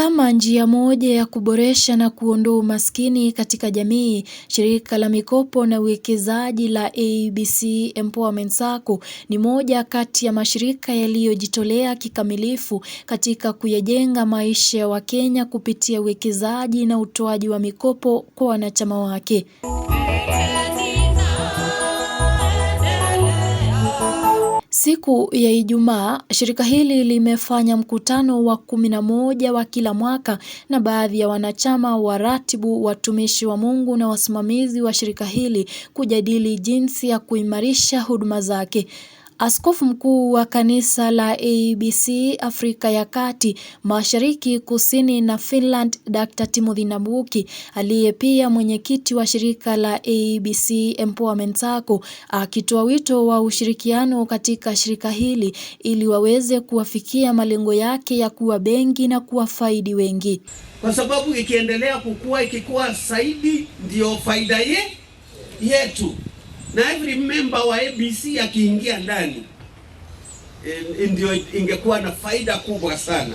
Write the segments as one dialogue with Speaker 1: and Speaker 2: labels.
Speaker 1: Kama njia moja ya kuboresha na kuondoa umaskini katika jamii, shirika la mikopo na uwekezaji la ABC Empowerment Sacco ni moja kati ya mashirika yaliyojitolea kikamilifu katika kuyajenga maisha ya Wakenya kupitia uwekezaji na utoaji wa mikopo kwa wanachama wake. Siku ya Ijumaa, shirika hili limefanya mkutano wa kumi na moja wa kila mwaka na baadhi ya wanachama, waratibu, watumishi wa Mungu na wasimamizi wa shirika hili kujadili jinsi ya kuimarisha huduma zake. Askofu mkuu wa kanisa la ABC Afrika ya Kati, Mashariki, Kusini na Finland, Dr. Timothy nabuki aliye pia mwenyekiti wa shirika la ABC Empowerment Sacco, akitoa wito wa ushirikiano katika shirika hili ili waweze kuwafikia malengo yake ya kuwa benki na kuwafaidi wengi,
Speaker 2: kwa sababu ikiendelea kukua, ikikuwa zaidi, ndiyo faida ye, yetu na every member wa ABC akiingia ndani eh, ndio ingekuwa na faida kubwa sana.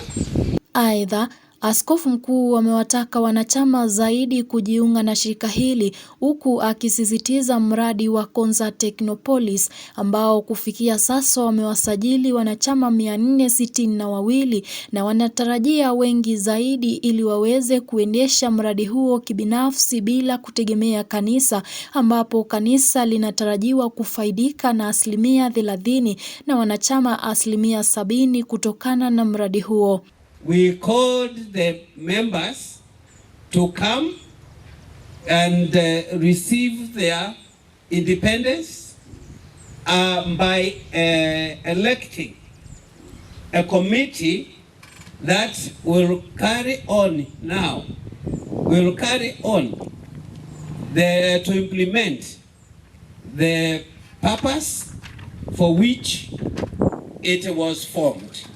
Speaker 1: Aidha Askofu mkuu amewataka wanachama zaidi kujiunga na shirika hili huku akisisitiza mradi wa Konza Technopolis ambao kufikia sasa wamewasajili wanachama mia nne sitini na wawili na wanatarajia wengi zaidi ili waweze kuendesha mradi huo kibinafsi bila kutegemea kanisa ambapo kanisa linatarajiwa kufaidika na asilimia thelathini na wanachama asilimia sabini kutokana na mradi huo.
Speaker 3: we called the members to come and uh, receive their independence uh, by uh, electing a committee that will carry on now, will carry on the, to implement the purpose for which it was formed.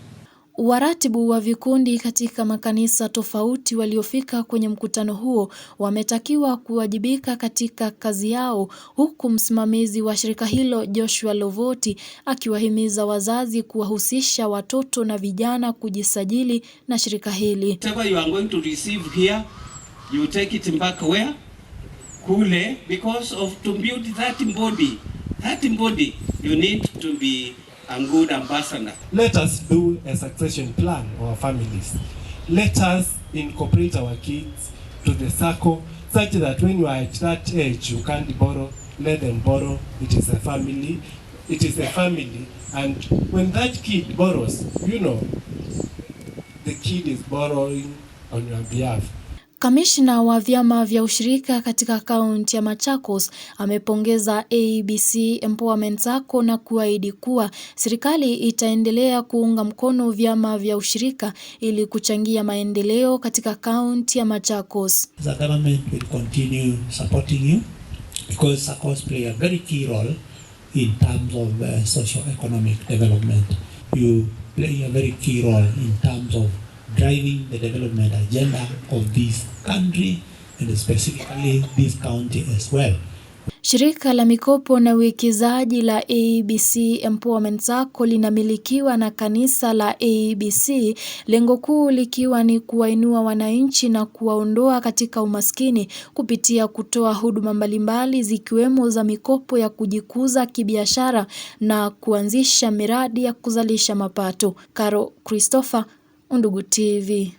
Speaker 1: Waratibu wa vikundi katika makanisa tofauti waliofika kwenye mkutano huo wametakiwa kuwajibika katika kazi yao huku msimamizi wa shirika hilo Joshua Lovoti akiwahimiza wazazi kuwahusisha watoto na vijana kujisajili na shirika hili.
Speaker 3: Whatever you are going to receive here, you take it back where? Kule because of to build that body. That body you need to be and good ambassador.
Speaker 4: Let us do a succession plan for our families. Let us incorporate our kids to the circle such that when you are at that age, you can't borrow, let them borrow. It is a family. It is a family. And when that kid borrows, you know, the kid is borrowing on your behalf.
Speaker 1: Kamishna wa vyama vya ushirika katika kaunti ya Machakos amepongeza ABC Empowerment Sacco na kuahidi kuwa serikali itaendelea kuunga mkono vyama vya ushirika ili kuchangia maendeleo katika kaunti ya Machakos.
Speaker 5: The government will continue supporting you because Saccos play a very key role in terms of uh, socio-economic development. You play a very key role in terms of driving the development agenda of this country and specifically this county as well.
Speaker 1: Shirika la mikopo na uwekezaji la ABC Empowerment Sacco linamilikiwa na kanisa la ABC, lengo kuu likiwa ni kuwainua wananchi na kuwaondoa katika umaskini kupitia kutoa huduma mbalimbali zikiwemo za mikopo ya kujikuza kibiashara na kuanzisha miradi ya kuzalisha mapato. Caro Christopher Undugu TV.